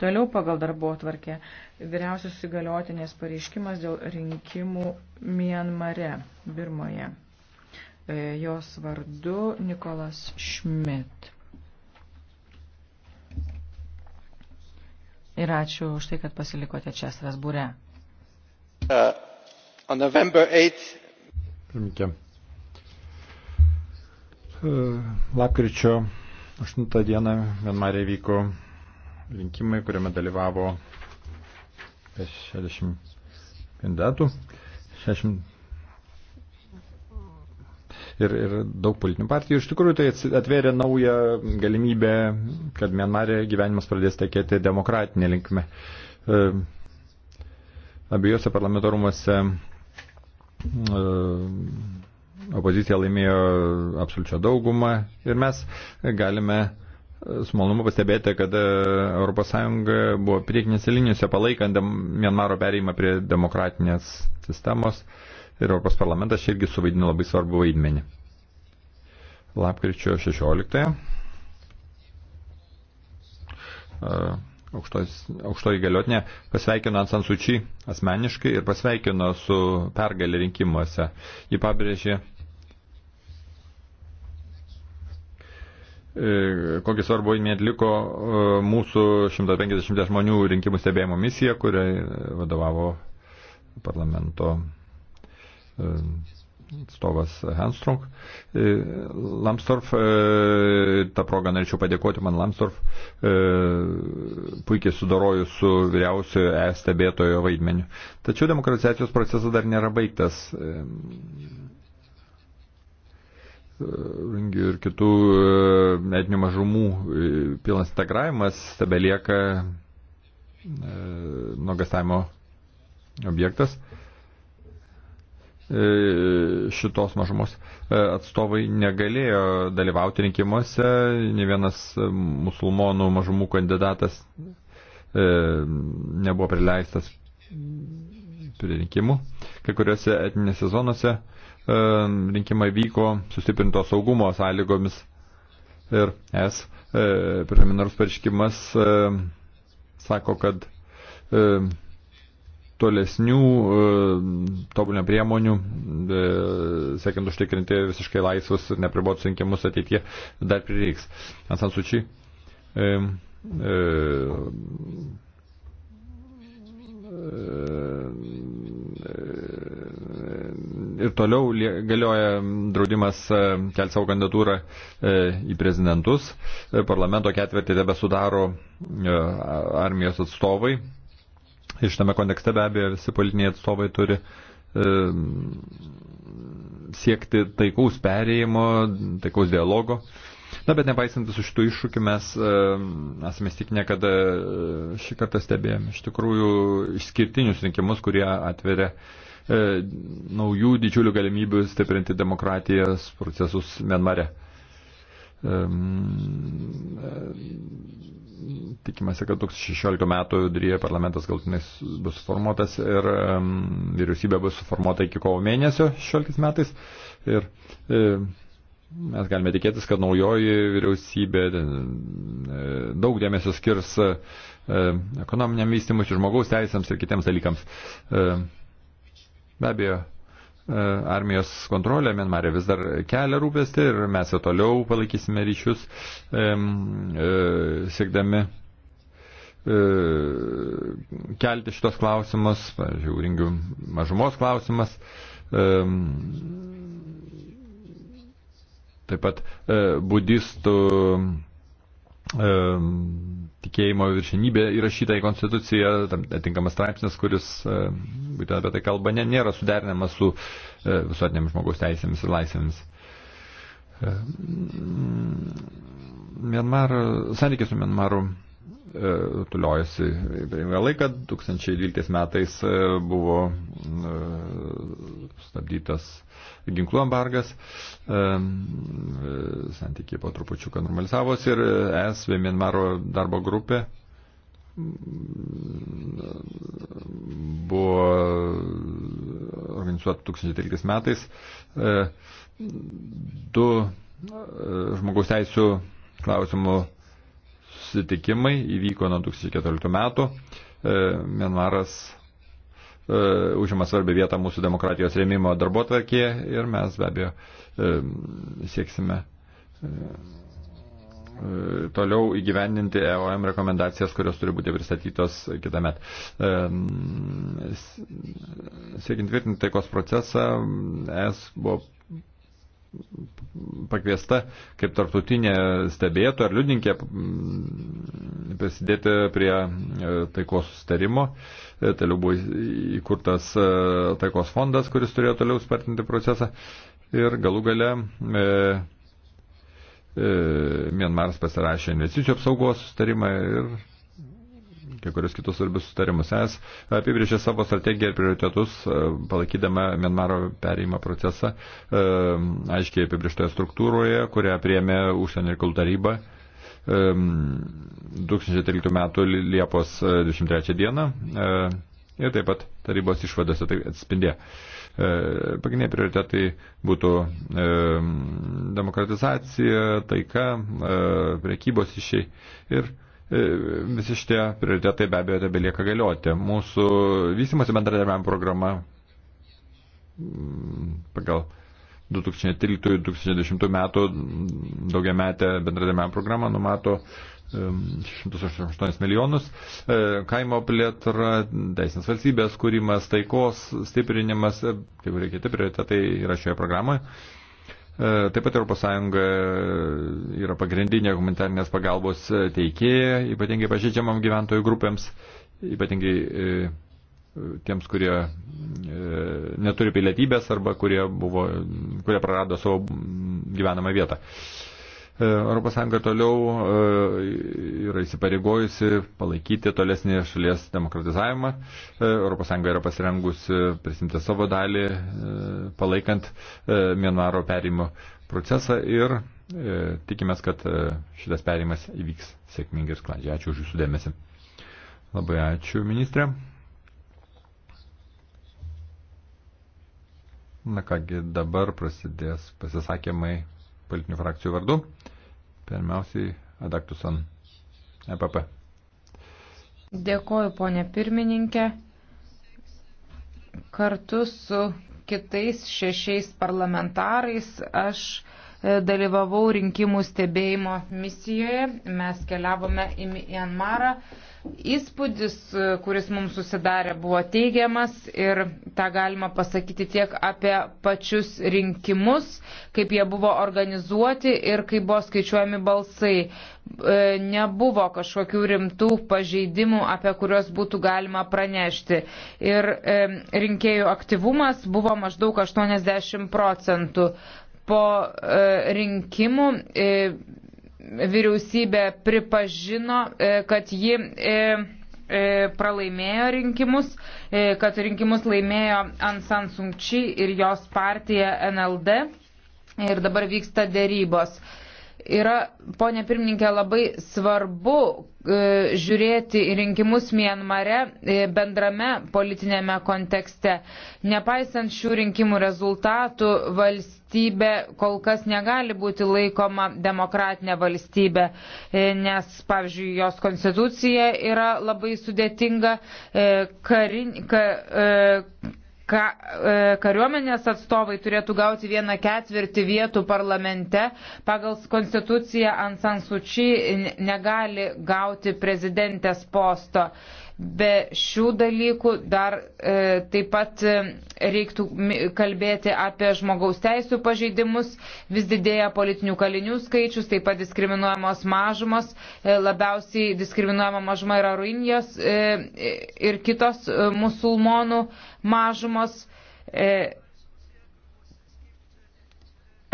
Toliau pagal darbo atvarkę vyriausios įgaliotinės pareiškimas dėl rinkimų Mienmare, Birmoje. E, jos vardu Nikolas Šmit. Ir ačiū už tai, kad pasilikote čia Strasbūre. Uh, on November 8. Pirmininkė. Uh, lapkričio 8 dieną Mienmare vyko rinkimai, kuriame dalyvavo 60 kandidatų. 60 ir, ir daug politinių partijų. Iš tikrųjų tai atvėrė naują galimybę, kad Mianmarė gyvenimas pradės tekėti demokratinė linkme. E, abiejose parlamento rūmose e, opozicija laimėjo absoliučią daugumą ir mes galime su malonumu pastebėti, kad ES buvo priekinėse linijose palaikant Mianmaro perėjimą prie demokratinės sistemos ir Europos parlamentas irgi suvaidino labai svarbu vaidmenį. Lapkričio 16. E, aukštos, aukštoji galiotinė pasveikino Ansan Sučiai asmeniškai ir pasveikino su pergalė rinkimuose. Ji pabrėžė E, kokį svarbą jį atliko e, mūsų 150 žmonių rinkimų stebėjimo misija, kuriai e, vadovavo parlamento atstovas Hanstrung. Lamstorf, tą progą norėčiau padėkoti, man Lamstorf puikiai sudoroju su vyriausiojo e stebėtojo vaidmeniu. Tačiau demokratizacijos procesas dar nėra baigtas. Rengiu ir kitų e, etinių mažumų e, pilnas integravimas tebelieka e, nuogastavimo objektas. Šitos mažumos atstovai negalėjo dalyvauti rinkimuose, ne vienas musulmonų mažumų kandidatas nebuvo prileistas prie rinkimų. Kai kuriuose etinėse zonose uh, E, rinkimai vyko sustiprinto saugumo sąlygomis ir es e, preliminarus pareiškimas e, sako, kad tolesnių tobulinio priemonių, siekiant užtikrinti visiškai laisvus ir nepribotus rinkimus ateityje, dar prireiks. Ansansučiai ir toliau galioja draudimas e, kelti savo kandidatūrą e, į prezidentus. E, parlamento ketvirtį tebe sudaro armijos atstovai. Iš tame kontekste be abejo visi politiniai atstovai turi siekti taikaus perėjimo, taikaus dialogo. Na, bet nepaisant visų šitų iššūkių, mes uh, esame stikinę, kad uh, šį kartą stebėjome iš tikrųjų išskirtinius rinkimus, kurie atveria uh, E, naujų didžiulių galimybių stiprinti demokratijos procesus Mianmare. E, tikimasi, kad 2016 metų viduryje parlamentas galtinai bus suformuotas ir um, vyriausybė bus suformuota iki kovo mėnesio 16 metais. Ir e, mes galime tikėtis, kad naujoji vyriausybė e, daug dėmesio skirs e, ekonominiam vystymui, žmogaus teisėms ir kitiems dalykams. E, Be abejo, e, armijos kontrolė Mienmarė vis dar kelia rūpestį ir mes ir toliau palaikysime ryšius, e, siekdami e, kelti šitos klausimus, pavyzdžiui, rinkių mažumos klausimas. Taip pat budistų tikėjimo viršinybė įrašyta į konstituciją, atinkamas straipsnis, kuris e, būtent apie tai kalba, ne, nėra suderinamas su e, visuotinėmis žmogaus teisėmis ir laisvėmis. E, Mianmar, santykiai su Mianmaru tuliojasi per ilgą laiką. 2012 metais buvo stabdytas ginklų embargas, e, santykiai po trupučiuką normalizavosi ir e, es Vienmaro darbo grupė mm, buvo organizuota 2013 metais. E, du žmogaus teisų klausimų susitikimai įvyko nuo 2014 metų. Mienmaras E, užima svarbę vietą mūsų demokratijos rėmimo darbo tvarkėje ir mes be abejo e, sieksime e, toliau įgyvendinti EOM rekomendacijas, kurios turi būti pristatytos kitą metą. Siekiant tvirtinti taikos procesą, es buvo pakviesta kaip tarptautinė stebėtoja ar liudininkė mm, prisidėti prie e, taikos sustarimo. E, toliau buvo įkurtas e, taikos fondas, kuris turėjo toliau spartinti procesą. Ir galų gale e, e, Mienmaras pasirašė investicijų apsaugos sustarimą ir kai kurios kitus svarbius sutarimus. Es apibrėžė savo strategiją ir prioritetus, e, palaikydama Mienmaro perėjimą procesą, e, aiškiai apibrėžtoje struktūroje, kurią priemė užsienio reikalų taryba 2013 e, m. Liepos 23 d. Ir taip pat tarybos išvadose tai atspindė. Pagrindiniai prioritetai būtų e, demokratizacija, taika, e, prekybos išiai ir e, E, visi šitie prioritetai be abejo tebelieka galioti. Mūsų vystimosi bendradarbiavimo programa pagal 2013-2010 metų daugiametę bendradarbiavimo programą numato 188 milijonus, e, kaimo plėtra, teisinės valstybės kūrimas, taikos stiprinimas, e, kaip reikia, prioritetai yra šioje programoje. E, taip pat ES yra pagrindinė humanitarnės pagalbos teikėja, ypatingai pažeidžiamam gyventojų grupėms, ypatingai e, tiems, kurie e, neturi pilietybės arba kurie, buvo, kurie prarado savo gyvenamą vietą. ES toliau e, yra įsipareigojusi palaikyti tolesnį šalies demokratizavimą. ES yra pasirengusi prisimti savo dalį, e, palaikant e, Mienvaro perimo procesą ir tikimės, kad šitas perimas įvyks sėkmingai ir sklandžiai. Ačiū už Jūsų dėmesį. Labai ačiū, ministrė. Na kągi, dabar prasidės pasisakymai politinių frakcijų vardu. Pirmiausiai Adaktusan EPP. Dėkoju, ponė pirmininkė. Kartu su kitais šešiais parlamentarais aš E, dalyvavau rinkimų stebėjimo misijoje, mes keliavome į Mianmarą. Įspūdis, e, kuris mums susidarė, buvo teigiamas ir tą galima pasakyti tiek apie pačius rinkimus, kaip jie buvo organizuoti ir kaip buvo skaičiuojami balsai. E, nebuvo kažkokių rimtų pažeidimų, apie kuriuos būtų galima pranešti. Ir rinkėjų aktyvumas buvo maždaug 80 procentų po e, rinkimų e, vyriausybė pripažino, e, kad ji pralaimėjo rinkimus, kad rinkimus laimėjo Ansan Sumči ir jos partija NLD ir dabar vyksta dėrybos. Yra, ponė pirmininkė, labai svarbu žiūrėti rinkimus Mienmare bendrame politinėme kontekste. Nepaisant šių rinkimų rezultatų, valstybė valstybė kol kas negali būti laikoma demokratinė valstybė, e, nes, pavyzdžiui, jos konstitucija yra labai sudėtinga. E, karin, ka, e, ka, kariuomenės atstovai turėtų gauti vieną ketvirtį vietų parlamente. Pagal konstituciją Ansansučiai negali gauti prezidentės posto. Be šių dalykų dar e, taip pat e, reiktų kalbėti apie žmogaus teisų pažeidimus, vis didėja politinių kalinių skaičius, taip pat diskriminuojamos mažumos, e, labiausiai diskriminuojama mažuma yra ruinijos e, ir kitos e, musulmonų mažumos. E,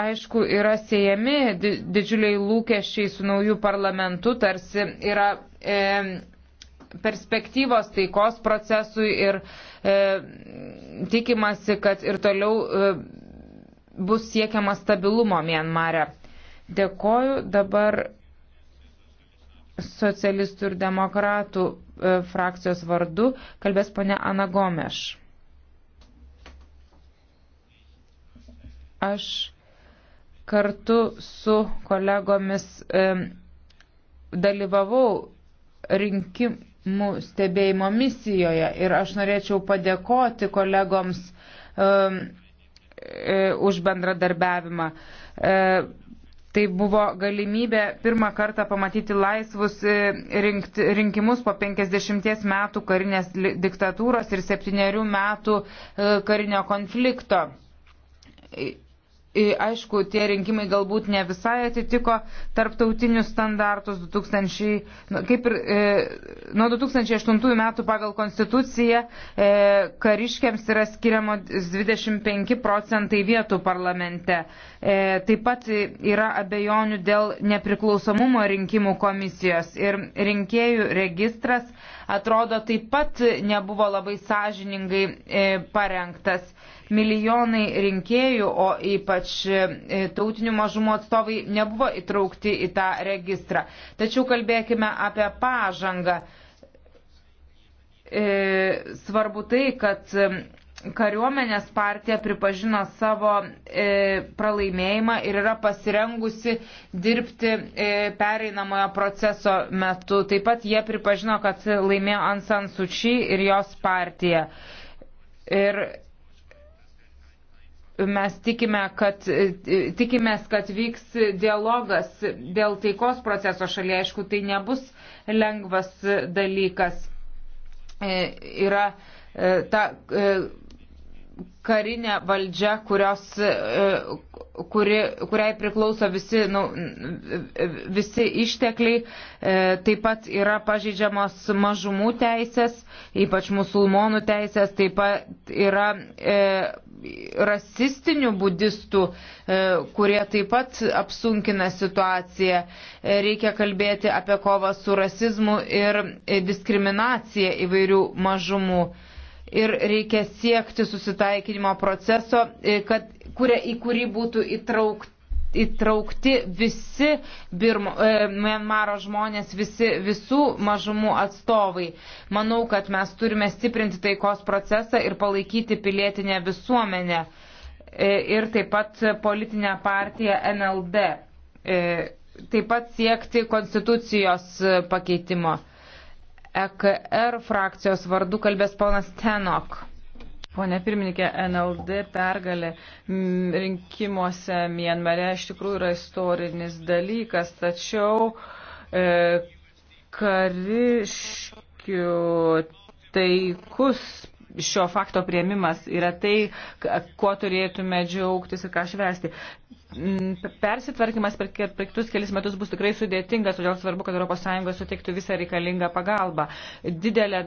aišku, yra siejami didžiuliai lūkesčiai su naujų parlamentu, tarsi yra e, perspektyvos taikos procesui ir e, tikimasi, kad ir toliau e, bus siekiama stabilumo Mienmare. Dėkoju dabar socialistų ir demokratų e, frakcijos vardu, kalbės ponė Ana Gomeš. Aš kartu su kolegomis e, dalyvavau rinkim, stebėjimo misijoje. Ir aš norėčiau padėkoti kolegoms um, e, už bendradarbiavimą. E, Tai buvo galimybė pirmą kartą pamatyti laisvus e, rinkt, rinkimus po 50 metų karinės diktatūros ir 7 metų e, karinio konflikto. E, Aišku, tie rinkimai galbūt ne visai atitiko tarptautinius standartus 2000, nu, kaip ir e, nuo 2008 metų pagal konstituciją e, kariškiams yra skiriamo 25 procentai vietų parlamente. E, taip pat yra abejonių dėl nepriklausomumo rinkimų komisijos ir rinkėjų registras atrodo taip pat nebuvo labai sąžiningai e, parengtas milijonai rinkėjų, o ypač e, tautinių mažumų atstovai nebuvo įtraukti į tą registrą. Tačiau kalbėkime apie pažangą. E, svarbu tai, kad e, kariuomenės partija pripažino savo e, pralaimėjimą ir yra pasirengusi dirbti e, pereinamojo proceso metu. Taip pat jie pripažino, kad laimėjo Ansan Suči ir jos partija. Ir Mes tikime, kad, tikimės, kad vyks dialogas dėl taikos proceso šalyje. Aišku, tai nebus lengvas dalykas. E, yra e, ta e, karinė valdžia, kurios, e, kuri, kuriai priklauso visi, nu, visi ištekliai, e, taip pat yra pažeidžiamos mažumų teisės, ypač musulmonų teisės, taip pat yra e, rasistinių budistų, e, kurie taip pat apsunkina situaciją. E, reikia kalbėti apie kovą su rasizmu ir diskriminacija įvairių mažumų. E, ir reikia siekti susitaikinimo proceso, e, kad, kuria, į kurį būtų įtraukti įtraukti visi Birmo, e, Mianmaro žmonės, visi, visų mažumų atstovai. Manau, kad mes turime stiprinti taikos procesą ir palaikyti pilietinę visuomenę e, ir taip pat politinę partiją NLD. E, taip pat siekti konstitucijos pakeitimo. EKR frakcijos vardu kalbės ponas Tenok. Pone pirmininkė, NLD pergalė mm, rinkimuose Mienmare iš tikrųjų yra istorinis dalykas, tačiau e, kariškių taikus šio fakto prieimimas yra tai, kuo turėtume džiaugtis ir ką švesti. Mm, persitvarkymas per, per kitus kelius metus bus tikrai sudėtingas, todėl svarbu, kad ES suteiktų visą reikalingą pagalbą. Didelę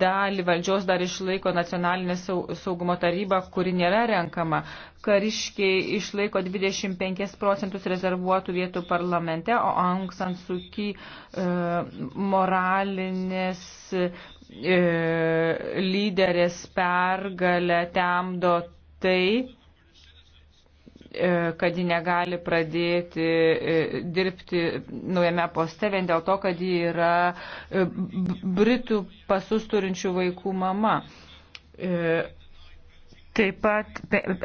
dalį valdžios dar išlaiko nacionalinė saugumo taryba, kuri nėra renkama. Kariškiai išlaiko 25 procentus rezervuotų vietų parlamente, o Aung San Suu Kyi e, moralinės E, lyderės pergalę temdo tai, e, kad ji negali pradėti e, dirbti naujame poste vien dėl to, kad ji yra Britų pasus turinčių vaikų mama. Taip pat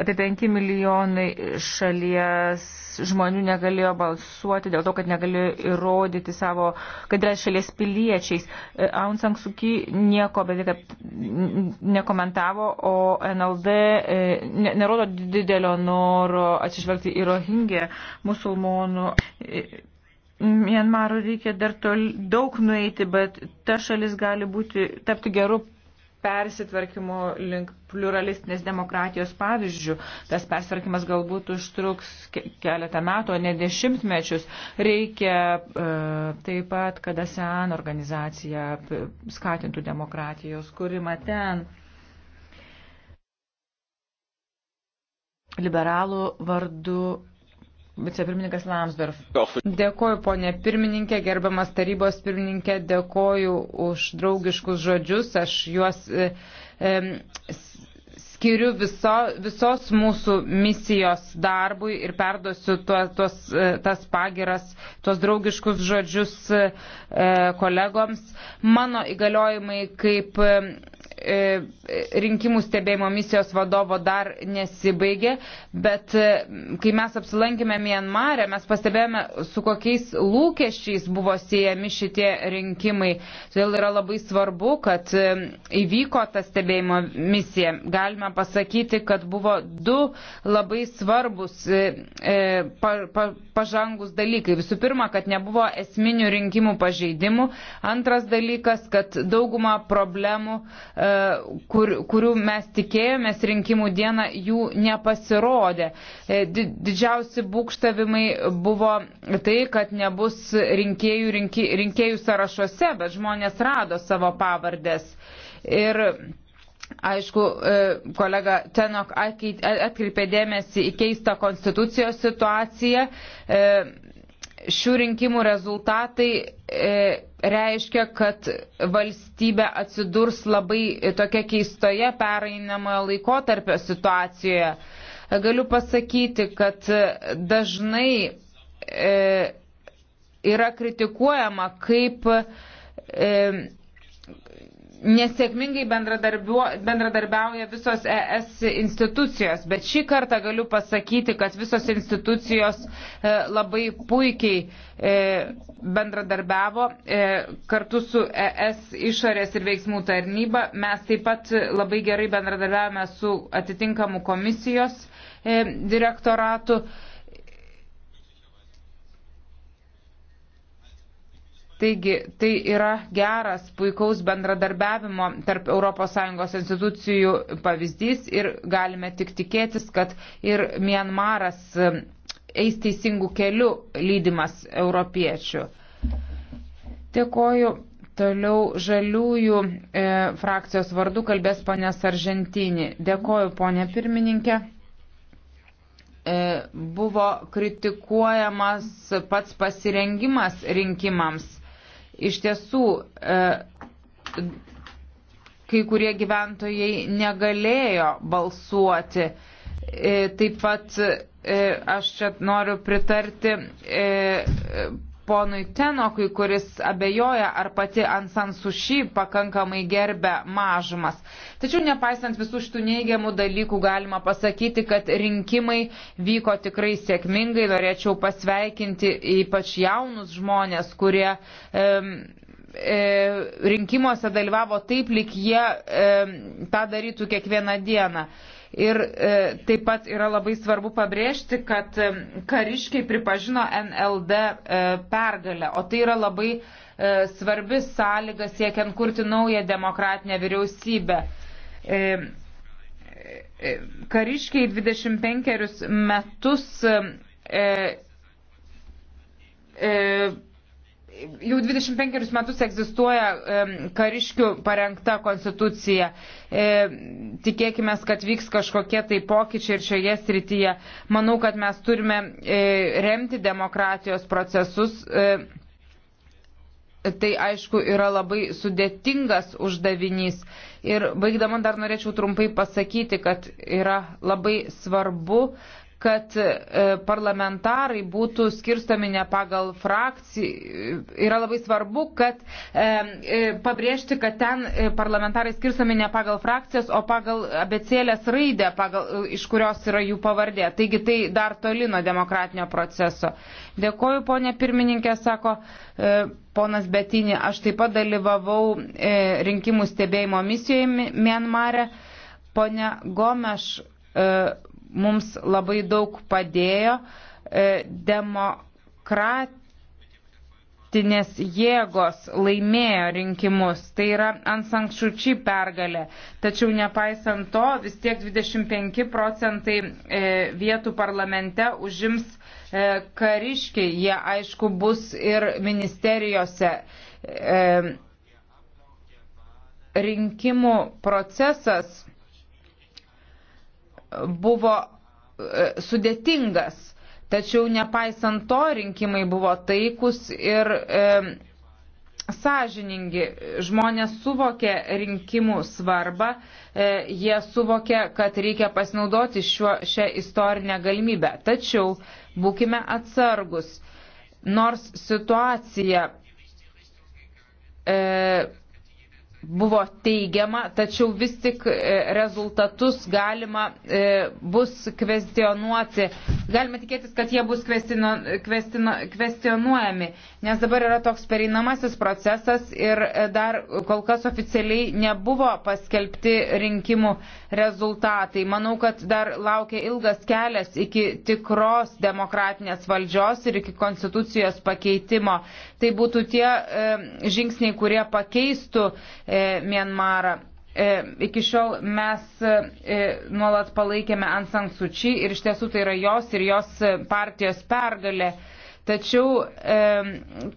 apie 5 milijonai šalies žmonių negalėjo balsuoti dėl to, kad negalėjo įrodyti savo, kad yra šalies piliečiais. E, Aung San Suu Kyi nieko beveik tai, nekomentavo, o NLD e, ne, nerodo didelio noro atsižvelgti į rohingę musulmonų. E, Mienmarų reikia dar tol, daug nueiti, bet ta šalis gali būti, tapti geru persitvarkymo link pluralistinės demokratijos pavyzdžių. Tas persitvarkymas galbūt užtruks keletą metų, o ne dešimtmečius. Reikia e, taip pat, kad ASEAN organizacija e, skatintų demokratijos kūrimą ten. Liberalų vardu Vicepirmininkas Lamsdorf. Dėkoju, ponė pirmininkė, gerbiamas tarybos pirmininkė, dėkoju už draugiškus žodžius. Aš juos e, e skiriu viso, visos mūsų misijos darbui ir perduosiu tuo, tuos, e, tas pagiras, tuos draugiškus žodžius e, kolegoms. Mano įgaliojimai kaip. E, E, rinkimų stebėjimo misijos vadovo dar nesibaigė, bet e, kai mes apsilankėme Mienmarę, mes pastebėjome, su kokiais lūkesčiais buvo siejami šitie rinkimai. Todėl yra labai svarbu, kad e, įvyko ta stebėjimo misija. Galime pasakyti, kad buvo du labai svarbus pa, pa, pažangus dalykai. Visų pirma, kad nebuvo esminių rinkimų pažeidimų. Antras dalykas, kad dauguma problemų e, E, kur, kurių mes tikėjomės rinkimų dieną, jų nepasirodė. E, didžiausi būkštavimai buvo tai, kad nebus rinkėjų, rinki, rinkėjų sąrašuose, bet žmonės rado savo pavardės. Ir Aišku, e, kolega Tenok atkreipė dėmesį į keistą konstitucijos situaciją šių rinkimų rezultatai e, reiškia, kad valstybė atsidurs labai tokia keistoje pereinamojo laikotarpio situacijoje. Galiu pasakyti, kad dažnai e, yra kritikuojama, kaip e, nesėkmingai bendradarbiauja visos ES institucijos, bet šį kartą galiu pasakyti, kad visos institucijos e, labai puikiai e, bendradarbiavo e, kartu su ES išorės ir veiksmų tarnyba. Mes taip pat labai gerai bendradarbiavome su atitinkamu komisijos direktoratu. Taigi tai yra geras, puikaus bendradarbiavimo tarp ES institucijų pavyzdys ir galime tik tikėtis, kad ir Mianmaras e, eis teisingų kelių lydimas europiečių. Dėkoju. Toliau žaliųjų e, frakcijos vardu kalbės ponė Saržantinį. Dėkoju, ponė pirmininkė e, buvo kritikuojamas pats pasirengimas rinkimams. Iš tiesų, e, kai kurie gyventojai negalėjo balsuoti. E, taip pat e, aš čia noriu pritarti ponui Tenokui, kuris abejoja, ar pati Ansansuši pakankamai gerbė mažumas. Tačiau nepaisant visų šitų neigiamų dalykų, galima pasakyti, kad rinkimai vyko tikrai sėkmingai. Norėčiau pasveikinti ypač jaunus žmonės, kurie. E, rinkimuose dalyvavo taip, lik jie e, tą darytų kiekvieną dieną. Ir e, taip pat yra labai svarbu pabrėžti, kad e, kariškiai pripažino NLD e, pergalę, o tai yra labai e, svarbi sąlyga siekiant kurti naują demokratinę vyriausybę. E, e, kariškiai 25 metus e, e, jau 25 metus egzistuoja kariškių parengta konstitucija. E, tikėkime, kad vyks kažkokie tai pokyčiai ir šioje srityje. Manau, kad mes turime e, remti demokratijos procesus. E, tai aišku yra labai sudėtingas uždavinys. Ir baigdama dar norėčiau trumpai pasakyti, kad yra labai svarbu, kad e, parlamentarai būtų skirstomi ne pagal frakciją. Yra labai svarbu, kad e, e, pabrėžti, kad ten parlamentarai skirstomi ne pagal frakcijas, o pagal abecėlės raidę, pagal, iš kurios yra jų pavardė. Taigi tai dar toli nuo demokratinio proceso. Dėkoju, ponė pirmininkė, sako ponas Betinį. Aš taip pat dalyvavau rinkimų stebėjimo misijoje Mienmare. Pone Gomeš mums labai daug padėjo e, demokratinės jėgos laimėjo rinkimus. Tai yra ansankšučiai pergalė. Tačiau nepaisant to, vis tiek 25 procentai e, vietų parlamente užims e, kariškiai. Jie aišku bus ir ministerijose. Rinkimų procesas buvo e, sudėtingas, tačiau nepaisant to rinkimai buvo taikus ir e, sąžiningi. Žmonės suvokė rinkimų svarbą, e, jie suvokė, kad reikia pasinaudoti šiuo, šią istorinę galimybę. Tačiau būkime atsargus, nors situacija e, buvo teigiama, tačiau vis tik e, rezultatus galima e, bus kvestionuoti. Galima tikėtis, kad jie bus kvestino, kvestino, kvestionuojami, nes dabar yra toks pereinamasis procesas ir e, dar kol kas oficialiai nebuvo paskelbti rinkimų rezultatai. Manau, kad dar laukia ilgas kelias iki tikros demokratinės valdžios ir iki konstitucijos pakeitimo. Tai būtų tie e, žingsniai, kurie pakeistų E, Mienmarą. E, iki šiol mes e, nuolat palaikėme Ansang Suči ir iš tiesų tai yra jos ir jos partijos pergalė. Tačiau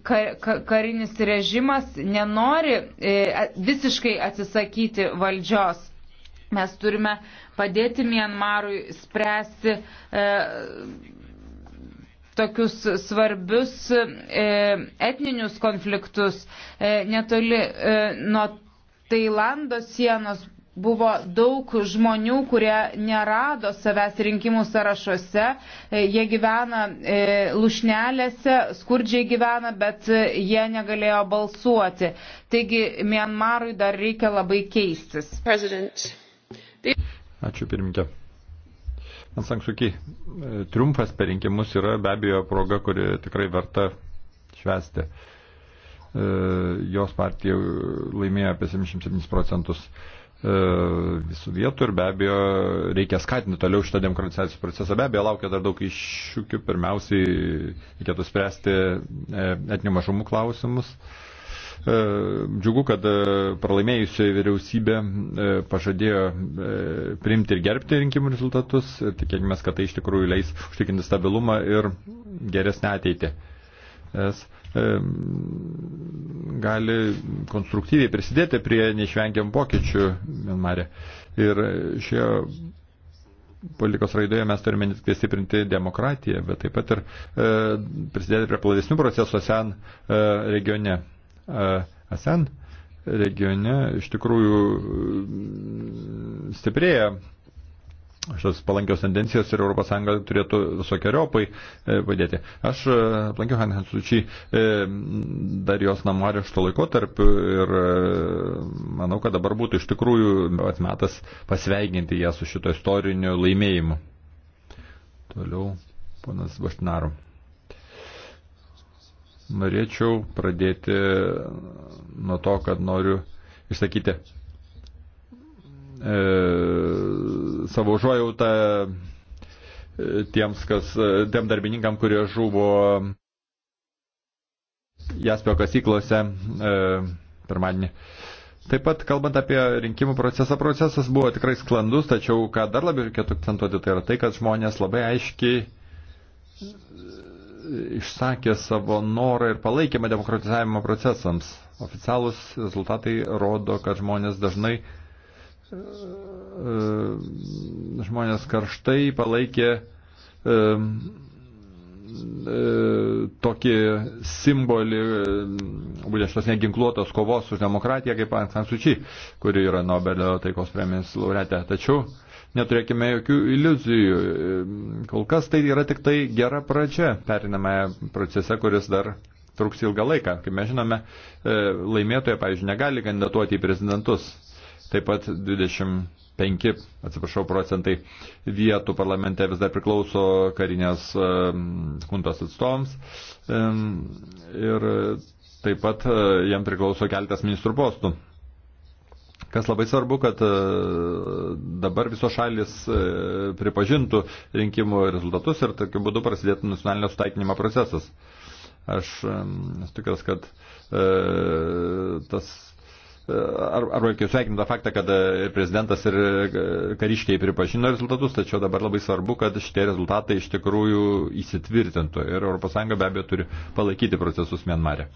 karinis režimas nenori visiškai atsisakyti valdžios. Mes turime padėti Mienmarui spręsti tokius svarbius e, etninius konfliktus. E, netoli e, nuo Tailando sienos buvo daug žmonių, kurie nerado savęs rinkimų sąrašuose. Jie gyvena lušnelėse, skurdžiai gyvena, bet jie negalėjo balsuoti. Taigi Mianmarui dar reikia labai keistis. President. Ačiū pirmininkė. Ansanksuki e, triumfas per rinkimus yra be abejo proga, kuri tikrai verta švesti. E, jos partija laimėjo apie 77 procentus e, visų vietų ir be abejo reikia skatinti toliau šitą demokratizacijos procesą. Be abejo laukia dar daug iššūkių. Pirmiausiai reikėtų spręsti etnių mažumų klausimus. E, E, džiugu, kad e, pralaimėjusioji vyriausybė e, pažadėjo priimti ir gerbti rinkimų rezultatus. Tikėkime, kad tai iš tikrųjų leis užtikrinti stabilumą ir geresnę ateitį. Es gali konstruktyviai prisidėti prie neišvengiam pokyčių Mianmarė. Ir šio politikos raidoje mes turime ne tik tai stiprinti demokratiją, bet taip pat ir e, prisidėti prie platesnių procesų ASEAN e, regione. ASEN regione iš tikrųjų mm, stiprėja šios palankios tendencijos ir ES turėtų visokiojopai e, padėti. Aš e, aplankiau Han Hansučiai e, dar jos namų arešto laikotarpiu ir manau, kad dabar būtų iš tikrųjų atmetas pasveikinti ją su šito istoriniu laimėjimu. Toliau ponas Baštinaru. Norėčiau pradėti nuo to, kad noriu išsakyti e, savo užuojautą e, tiems, kas, e, tiem darbininkam, kurie žuvo Jaspio kasyklose e, pirmadienį. Taip pat, kalbant apie rinkimų procesą, procesas buvo tikrai sklandus, tačiau ką dar labiau reikėtų akcentuoti, tai yra tai, kad žmonės labai aiškiai išsakė savo norą ir palaikymą demokratizavimo procesams. Oficialūs rezultatai rodo, kad žmonės dažnai e, e, žmonės karštai palaikė e, tokį simbolį būtent šios neginkluotos kovos už demokratiją kaip Ansan Suči, kuri yra Nobelio taikos premijos laureatė. Tačiau neturėkime jokių iliuzijų. Kol kas tai yra tik tai gera pradžia perinamąją procese, kuris dar truks ilgą laiką. Kaip mes žinome, e, laimėtoje, pavyzdžiui, negali kandidatuoti į prezidentus. Taip pat 25, atsiprašau, procentai vietų parlamente vis dar priklauso karinės e, kuntos atstovams. E, ir taip pat jam priklauso keltas ministrų postų kas labai svarbu, kad e, dabar visos šalis e, pripažintų rinkimų rezultatus ir tokiu būdu prasidėtų nacionalinio sutaikinimo procesas. Aš e, esu tikras, kad e, tas ar, arba jau sveikinim tą faktą, kad prezidentas ir kariškiai pripažino rezultatus, tačiau dabar labai svarbu, kad šitie rezultatai iš tikrųjų įsitvirtintų ir ES be abejo turi palaikyti procesus Mianmarė.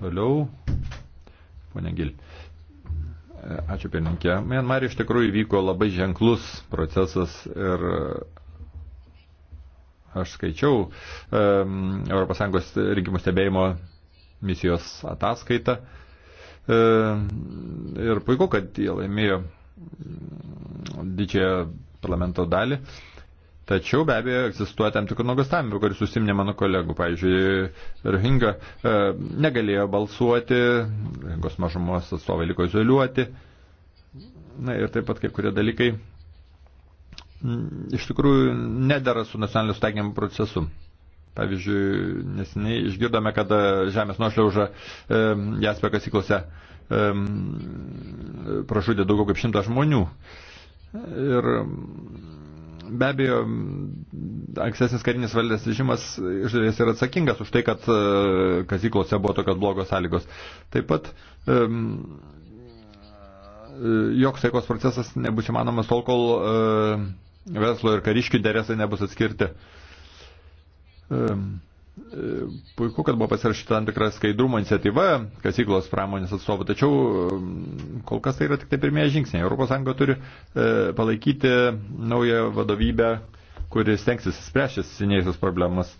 Toliau, ponia Gil. E, ačiū pirmininkė. Mianmarė iš tikrųjų vyko labai ženklus procesas ir e, aš skaičiau um, ES rinkimų stebėjimo misijos ataskaitą um, ir puiku, kad jie laimėjo didžiąją parlamento dalį. Um, Tačiau be abejo egzistuoja tam tikrų nuogastavimų, kuris susimne mano kolegų. Pavyzdžiui, Rohinga e, negalėjo balsuoti, Rohingos mažumos atstovai liko izoliuoti. Na ir taip pat kai kurie dalykai m, iš tikrųjų nedara su nacionaliniu steigiamu procesu. Pavyzdžiui, nesiniai išgirdome, kad e, žemės nuošliauža e, Jaspė kasyklose e, pražudė daugiau kaip šimtą žmonių. Ir Be abejo, ankstesnis karinis valdės režimas iš dalies yra atsakingas už tai, kad e, kasyklose buvo tokios blogos sąlygos. Taip pat um, joks taikos procesas nebus įmanomas tol, kol uh, verslo ir kariškių interesai nebus atskirti. Um, puiku, kad buvo pasirašyta tam tikra skaidrumo iniciatyva kasyklos pramonės atstovų, tačiau mm, kol kas tai yra tik tai pirmieji žingsniai. ES turi e, palaikyti naują vadovybę, kuris tenksis spręšęs senėjusios problemas.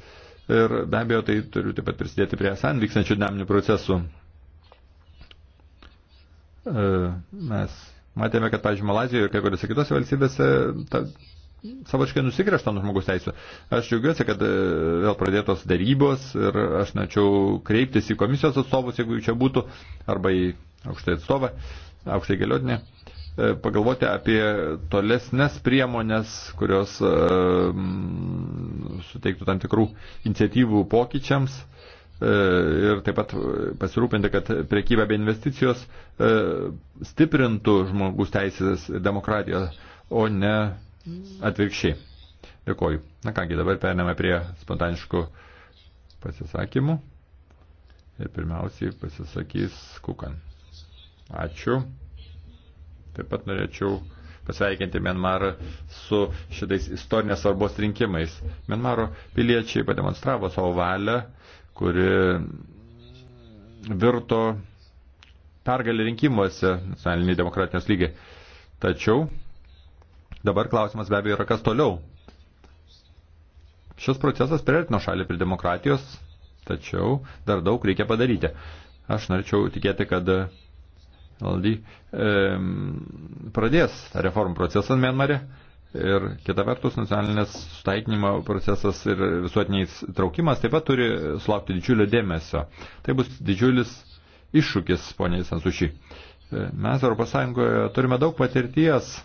Ir be abejo, tai turiu taip pat prisidėti prie esan vykstančių dinaminių procesų. E, mes matėme, kad, pavyzdžiui, Malazijoje ir kai kuriuose kitose valstybėse ta, savaškai nusikrėžta nuo žmogus teisų. Aš džiaugiuosi, kad e, vėl pradėtos darybos ir aš načiau kreiptis į komisijos atstovus, jeigu jų čia būtų, arba į aukštai atstovą, aukštai galiotinę, e, pagalvoti apie tolesnes priemonės, kurios um, suteiktų tam tikrų iniciatyvų pokyčiams ir taip pat pasirūpinti, kad priekyba bei investicijos stiprintų žmogus teisės demokratiją, o ne Atvirkščiai. Dėkoju. Na kągi, dabar periname prie spontaniškų pasisakymų. Ir pirmiausiai pasisakys Kukan. Ačiū. Taip pat norėčiau pasveikinti Mianmarą su šitais istorinės svarbos rinkimais. Mianmaro piliečiai pademonstravo savo valią, kuri virto pergalį rinkimuose nacionaliniai demokratijos lygiai. Tačiau Dabar klausimas be abejo yra kas toliau. Šis procesas priartino šalį prie demokratijos, tačiau dar daug reikia padaryti. Aš norėčiau tikėti, kad LD e, pradės reformų procesą Mienmarė ir kita vertus nacionalinės sutaikinimo procesas ir visuotiniais traukimas taip pat turi sulaukti didžiulio dėmesio. Tai bus didžiulis iššūkis, poniai Sansuši. Mes ES turime daug patirties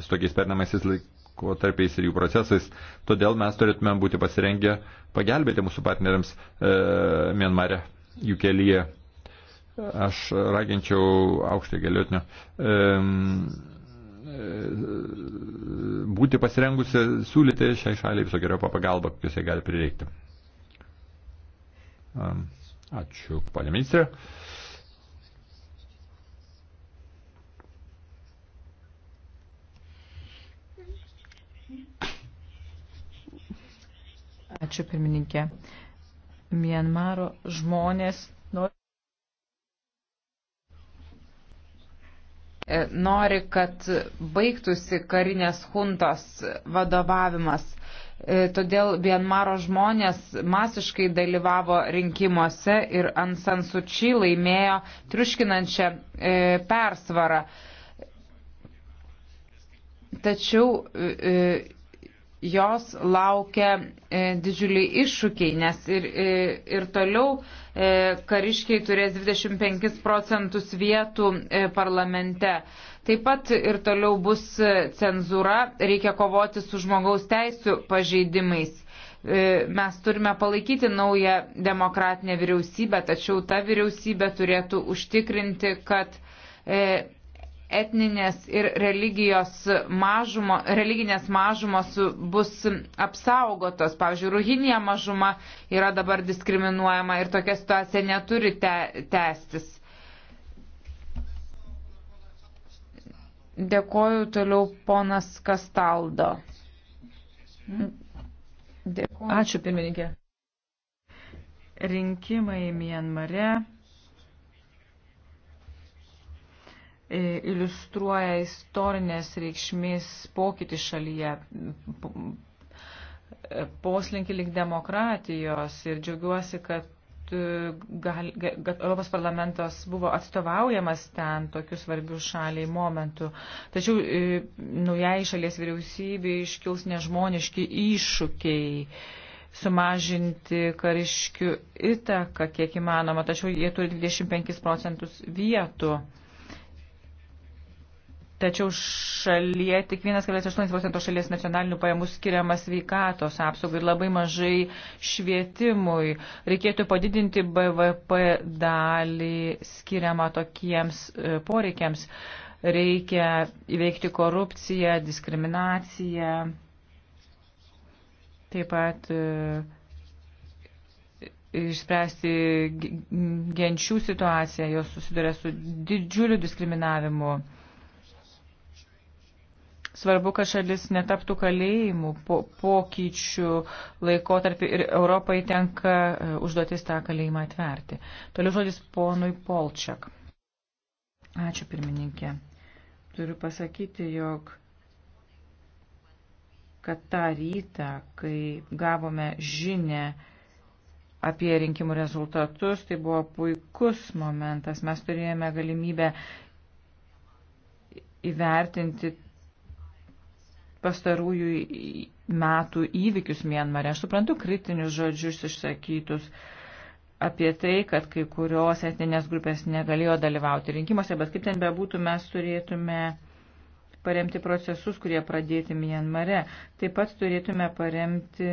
su tokiais pernamaisiais laikotarpiais ir jų procesais. Todėl mes turėtume būti pasirengę pagelbėti mūsų partneriams e, Mienmare jų kelyje. Aš raginčiau aukštą galiotinio e, e, būti pasirengusi siūlyti šiai šaliai visokiojo pagalbą, kokius jie gali prireikti. Ačiū, ponė ministrė. Ačiū pirmininkė. Mienmaro žmonės nori, e, nori kad baigtųsi karinės huntos vadovavimas. E, todėl Mienmaro žmonės masiškai dalyvavo rinkimuose ir Ansan Suči laimėjo triuškinančią e, persvarą. Tačiau jos laukia e, didžiuliai iššūkiai, nes ir, ir, e, ir toliau e, kariškiai turės 25 procentus vietų e, parlamente. Taip pat ir toliau bus e, cenzūra, reikia kovoti su žmogaus teisų pažeidimais. E, mes turime palaikyti naują demokratinę vyriausybę, tačiau ta vyriausybė turėtų užtikrinti, kad e, etninės ir mažumo, religinės mažumos bus apsaugotos. Pavyzdžiui, ruhinė mažuma yra dabar diskriminuojama ir tokia situacija neturi te, tęstis. Dėkoju toliau ponas Kastaldo. Dėkoju. Ačiū pirmininkė. Rinkimai Mienmare E, iliustruoja istorinės reikšmės pokytį šalyje, e, poslinkį link demokratijos ir džiaugiuosi, kad e, Gal, kad Europos parlamentas buvo atstovaujamas ten tokių svarbių šaliai momentų. Tačiau naujai šalies vyriausybei iškils nežmoniški iššūkiai sumažinti kariškių įtaką, kiek įmanoma, tačiau jie turi 25 procentus vietų. Tačiau šalyje tik 1,8 procento šalies nacionalinių pajamų skiriama sveikatos apsaugai ir labai mažai švietimui. Reikėtų padidinti BVP dalį skiriamą tokiems e, poreikiams. Reikia įveikti korupciją, diskriminaciją. Taip pat e, išspręsti genčių situaciją, jos susiduria su didžiuliu diskriminavimu. Svarbu, kad šalis netaptų kalėjimų po, pokyčių laikotarpį ir Europai tenka e, užduotis tą kalėjimą atverti. Toliau žodis ponui Polčiak. Ačiū pirmininkė. Turiu pasakyti, jog kad tą rytą, kai gavome žinę, apie rinkimų rezultatus, tai buvo puikus momentas. Mes turėjome galimybę įvertinti pastarųjų metų įvykius Mienmarė. Aš suprantu kritinius žodžius išsakytus apie tai, kad kai kurios etinės grupės negalėjo dalyvauti rinkimuose, bet kaip ten bebūtų, mes turėtume paremti procesus, kurie pradėti Mienmare. Taip pat turėtume paremti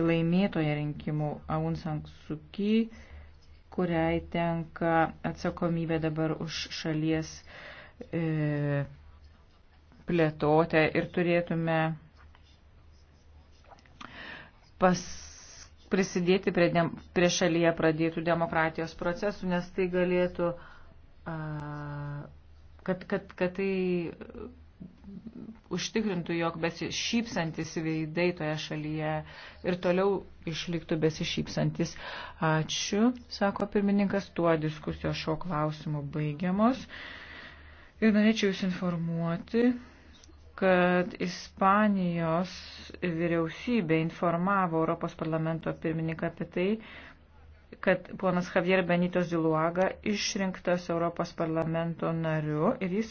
laimėtoje rinkimų Aung San Suu Kyi, kuriai tenka atsakomybė dabar už šalies e, plėtotę ir turėtume pas, prisidėti prie, de, prie šalyje pradėtų demokratijos procesų, nes tai galėtų, kad, kad, kad tai užtikrintų, jog besišypsantis veidai toje šalyje ir toliau išliktų besišypsantis. Ačiū, sako pirmininkas, tuo diskusijos šio klausimu baigiamos. Ir norėčiau Jūs informuoti, kad Ispanijos vyriausybė informavo Europos parlamento pirmininką apie tai, kad ponas Javier Benitos Diluaga išrinktas Europos parlamento nariu ir jis